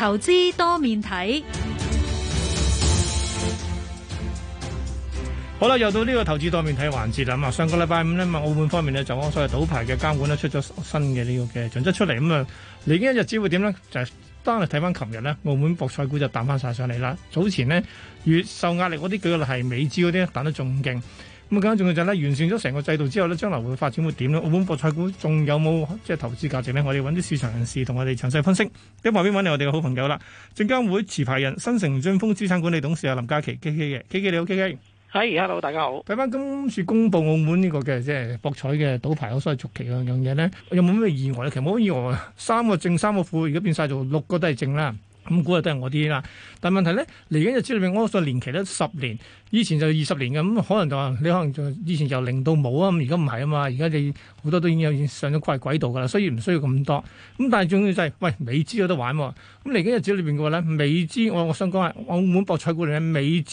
投資多面睇，好啦，又到呢個投資多面睇環節啦嘛。上個禮拜五咧，澳門方面咧就我所謂賭牌嘅監管咧出咗新嘅呢個嘅準則出嚟，咁、嗯、啊，嚟緊嘅日子會點呢？就係單係睇翻琴日咧，澳門博彩股就彈翻晒上嚟啦。早前咧越受壓力嗰啲，舉例係美資嗰啲，彈得仲勁。咁啊，更加重要就係完善咗成個制度之後咧，將來會發展會點咧？澳門博彩股仲有冇即係投資價值咧？我哋揾啲市場人士同我哋詳細分析。喺旁邊揾你，我哋嘅好朋友啦，證監會持牌人、新城晉峰資產管理董事阿林嘉麒，K K 嘅，K K 你好，K K。係，Hello，大家好。睇翻今次公布澳門呢個嘅即係博彩嘅賭牌好可否續期嘅樣嘢咧，有冇咩意外？其實冇意外，三個正三個副，而家變晒做六個都係正啦。咁估啊，嗯、都係我啲啦。但係問題咧，嚟緊日子裏邊，我個年期咧十年，以前就二十年嘅咁、嗯，可能就你可能就以前由零到冇啊。咁而家唔係啊嘛，而家你好多都已經有上咗貴軌道噶啦，所以唔需要咁多。咁、嗯、但係最重要就係、是，喂美資有得玩，咁嚟緊日子裏邊嘅話咧，美資我我想講下，澳門博彩股裏邊美資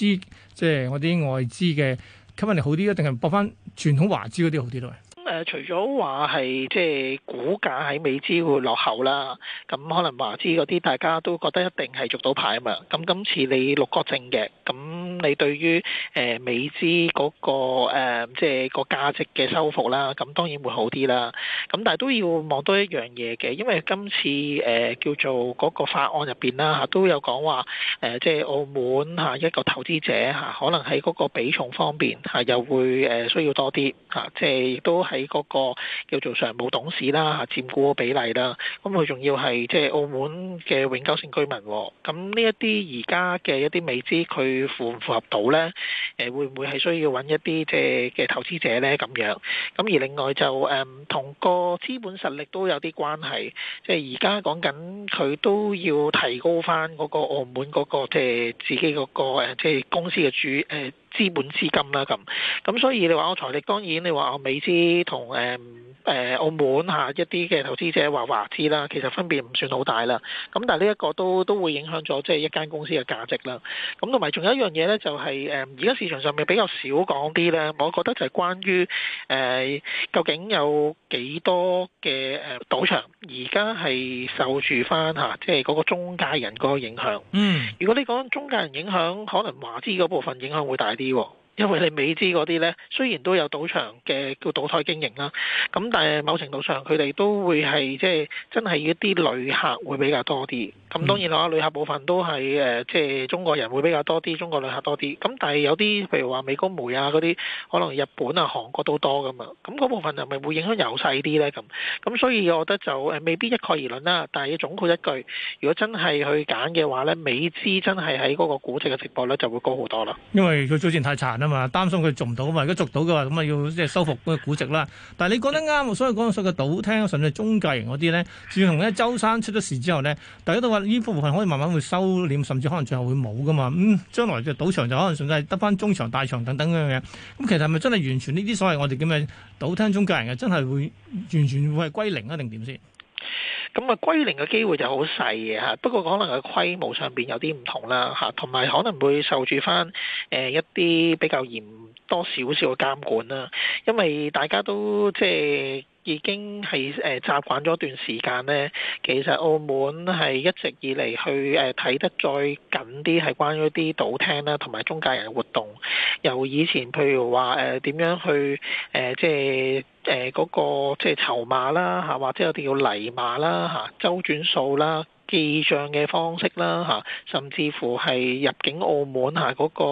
即係我啲外資嘅吸引力好啲，定係博返傳統華資嗰啲好啲咯？誒、呃，除咗話係即係股價喺美資會落後啦，咁、嗯、可能華資嗰啲大家都覺得一定係續到牌啊嘛，咁、嗯、今次你六個正嘅咁。嗯你對於誒美資嗰、那個、呃、即係個價值嘅修復啦，咁當然會好啲啦。咁但係都要望多一樣嘢嘅，因為今次誒、呃、叫做嗰個法案入邊啦嚇，都有講話誒，即係澳門嚇一個投資者嚇，可能喺嗰個比重方面嚇又會誒需要多啲嚇、啊，即係都喺嗰、那個叫做常務董事啦嚇，佔股比例啦。咁佢仲要係即係澳門嘅永久性居民喎、哦。咁呢一啲而家嘅一啲美資佢負？符合到咧，誒會唔會係需要揾一啲即係嘅投資者咧咁樣？咁而另外就誒同個資本實力都有啲關係，即係而家講緊佢都要提高翻嗰個澳門嗰個即係自己嗰個、呃、即係公司嘅主誒、呃、資本資金啦咁。咁、嗯、所以你話我財力當然你，你話我美資同誒。呃澳門嚇一啲嘅投資者話華資啦，其實分別唔算好大啦。咁但係呢一個都都會影響咗，即係一間公司嘅價值啦。咁同埋仲有一樣嘢呢，就係誒而家市場上面比較少講啲呢。我覺得就係關於誒、呃、究竟有幾多嘅誒賭場而家係受住翻嚇，即係嗰個中介人嗰個影響。嗯，如果你講中介人影響，可能華資嗰部分影響會大啲。因為你美資嗰啲呢，雖然都有賭場嘅叫賭台經營啦，咁但係某程度上佢哋都會係即係真係一啲旅客會比較多啲。咁當然啦，旅客部分都係誒，即係中國人會比較多啲，中國旅客多啲。咁但係有啲譬如話美高梅啊嗰啲，可能日本啊、韓國都多㗎嘛。咁嗰部分係咪會影響油勢啲呢？咁咁所以我覺得就誒未必一概而論啦。但係總括一句，如果真係去揀嘅話呢，美資真係喺嗰個估值嘅直播率就會高好多啦。因為佢早前太殘啦。嘛，擔心佢做唔到嘛。如果做到嘅話，咁啊要即係收復嗰個估值啦。但係你講得啱喎，所以講到所謂嘅賭廳，甚至中介型嗰啲咧，自從咧周生出咗事之後咧，大家都話呢部分可以慢慢會收斂，甚至可能最後會冇噶嘛。咁、嗯、將來嘅賭場就可能甚至係得翻中場、大場等等咁樣嘅。咁其實係咪真係完全呢啲所謂我哋叫咩賭廳中介人嘅真係會完全會係歸零啊？定點先？咁啊，歸零嘅機會就好細嘅吓，不過可能個規模上邊有啲唔同啦吓，同埋可能會受住返誒一啲比較嚴多少少嘅監管啦，因為大家都即係，已經係誒習慣咗段時間咧，其實澳門係一直以嚟去誒睇得再緊啲，係關於啲賭廳啦，同埋中介人活動。由以前譬如話誒點樣去誒、呃、即係誒嗰個即係籌碼啦嚇，或者我哋叫泥碼啦嚇，週轉數啦。記賬嘅方式啦嚇，甚至乎係入境澳門嚇嗰個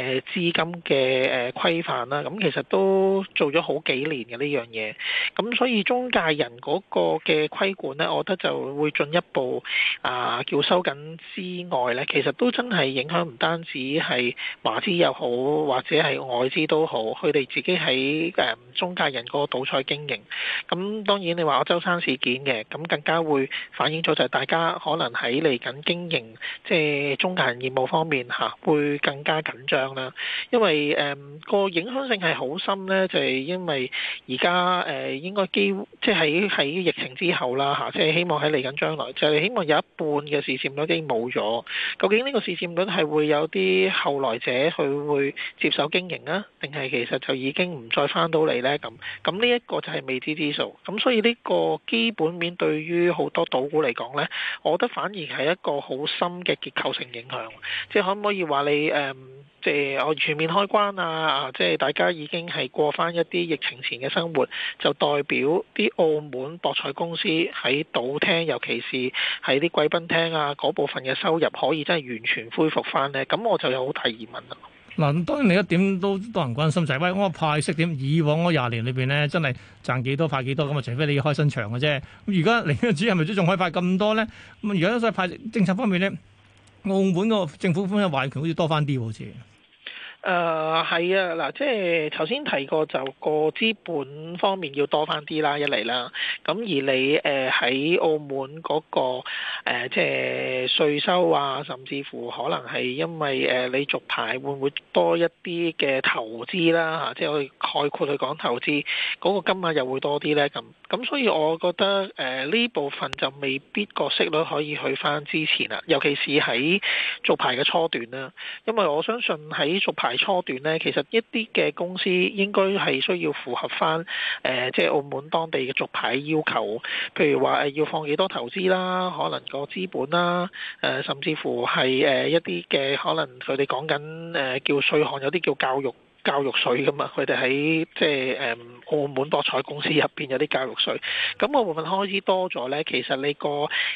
誒資金嘅誒規範啦，咁其實都做咗好幾年嘅呢樣嘢，咁所以中介人嗰個嘅規管呢，我覺得就會進一步啊叫收緊之外呢，其實都真係影響唔單止係華資又好，或者係外資都好，佢哋自己喺誒中介人嗰個賭彩經營，咁當然你話我周三事件嘅，咁更加會反映咗就係大家。可能喺嚟緊經營即係中介人業務方面嚇，會更加緊張啦。因為誒個影響性係好深咧，就係因為而家誒應該基即係喺喺疫情之後啦嚇，即係希望喺嚟緊將來就係希望有一半嘅市佔率已經冇咗。究竟呢個市佔率係會有啲後來者佢會接手經營啊，定係其實就已經唔再返到嚟咧？咁咁呢一個就係未知之數。咁所以呢個基本面對於好多賭股嚟講咧。我覺得反而係一個好深嘅結構性影響，即係可唔可以話你誒、嗯，即係我全面開關啊，即係大家已經係過翻一啲疫情前嘅生活，就代表啲澳門博彩公司喺賭廳，尤其是喺啲貴賓廳啊，嗰部分嘅收入可以真係完全恢復翻呢？咁我就有好大疑問啦。嗱，當然你一點都多人關心就係、是，喂，我派息點？以往嗰廿年裏邊咧，真係賺幾多派幾多，咁啊，除非你要開新場嘅啫。咁而家你一隻係咪仲可以派咁多咧？咁如果再派政策方面咧，澳門個政府方面壞權好似多翻啲，好似。誒係、呃、啊，嗱，即係頭先提過就個資本方面要多翻啲啦，一嚟啦。咁而你誒喺澳門嗰、那個、呃、即係稅收啊，甚至乎可能係因為誒、呃、你續牌會唔會多一啲嘅投資啦嚇、啊，即係我哋概括去講投資嗰、那個金額又會多啲咧咁。咁所以我覺得誒呢、呃、部分就未必個息率可以去翻之前啦，尤其是喺續牌嘅初段啦，因為我相信喺續牌。初段呢，其實一啲嘅公司應該係需要符合翻誒、呃，即係澳門當地嘅續牌要求，譬如話誒要放幾多投資啦，可能個資本啦，誒、呃、甚至乎係誒一啲嘅可能佢哋講緊誒叫稅項，有啲叫教育。教育稅㗎嘛，佢哋喺即係誒澳門博彩公司入邊有啲教育稅，咁個部分開支多咗咧，其實你個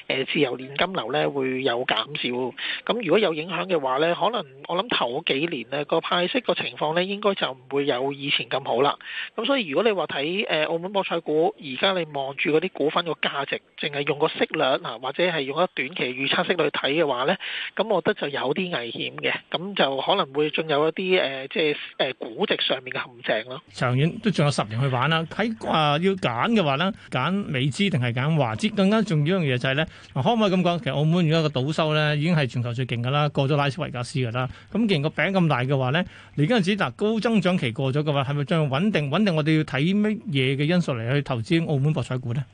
誒自由現金流咧會有減少。咁如果有影響嘅話咧，可能我諗頭嗰幾年咧個派息個情況咧應該就唔會有以前咁好啦。咁所以如果你話睇誒澳門博彩股而家你望住嗰啲股份個價值，淨係用個息率啊，或者係用一個短期預測息率去睇嘅話咧，咁我覺得就有啲危險嘅，咁就可能會仲有一啲誒、呃、即係誒。呃估值上面嘅陷阱咯，長遠都仲有十年去玩啦。喺啊、呃、要揀嘅話咧，揀美資定係揀華資？更加重要一樣嘢就係、是、咧，可唔可以咁講？其實澳門而家個賭收咧已經係全球最勁噶啦，過咗拉斯維加斯噶啦。咁既然個餅咁大嘅話咧，你而家只嗱高增長期過咗嘅話，係咪將穩定？穩定我哋要睇乜嘢嘅因素嚟去投資澳門博彩股咧？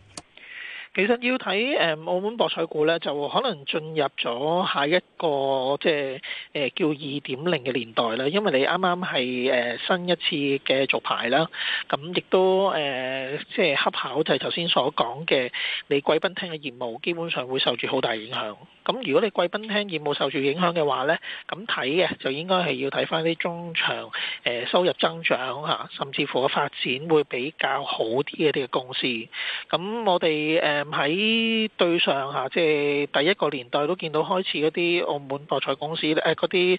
其實要睇誒、嗯、澳門博彩股咧，就可能進入咗下一個即係誒、呃、叫二點零嘅年代啦。因為你啱啱係誒新一次嘅續牌啦，咁亦都誒、呃、即係恰巧就係頭先所講嘅，你貴賓廳嘅業務基本上會受住好大影響。咁如果你貴賓廳業務受住影響嘅話咧，咁睇嘅就應該係要睇返啲中場誒、呃、收入增長嚇、啊，甚至乎發展會比較好啲一啲嘅公司。咁我哋誒。呃呃呃喺對上下，即係第一個年代都見到開始嗰啲澳門博彩公司誒，嗰啲誒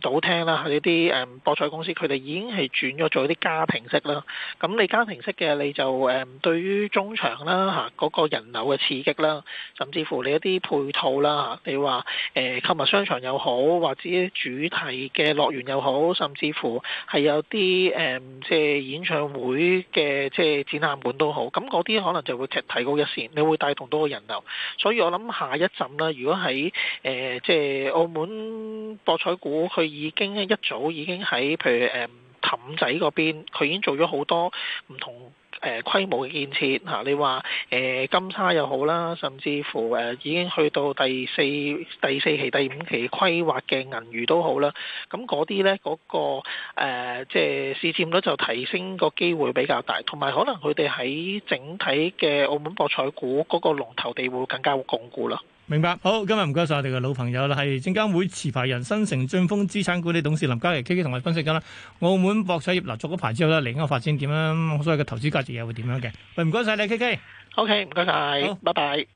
賭廳啦，嚇呢啲誒博彩公司，佢哋已經係轉咗做一啲家庭式啦。咁你家庭式嘅你就誒，對於中場啦嚇，嗰個人流嘅刺激啦，甚至乎你一啲配套啦，你話誒購物商場又好，或者主題嘅樂園又好，甚至乎係有啲誒即係演唱會嘅即係展覽館都好，咁嗰啲可能就會提高一線會帶動多個人流，所以我諗下一陣啦。如果喺誒即係澳門博彩股，佢已經一早已經喺譬如誒氹仔嗰邊，佢已經做咗好多唔同。誒、呃、規模嘅建設嚇、啊，你話誒、呃、金沙又好啦，甚至乎誒、呃、已經去到第四第四期、第五期規劃嘅銀娛都好啦，咁嗰啲呢，嗰、嗰個誒、呃、即係市佔率就提升個機會比較大，同埋可能佢哋喺整體嘅澳門博彩股嗰個龍頭地位更加鞏固啦。明白，好，今日唔該晒我哋嘅老朋友啦，係證監會持牌人新城晉峰資產管理董事林嘉麒。K K 同我哋分析緊啦。澳門博彩業嗱，續咗牌之後啦，嚟緊個發展點樣？所謂嘅投資價值又會點樣嘅？喂，唔該晒你，K K，OK，唔該晒。Okay, thank 好，拜拜。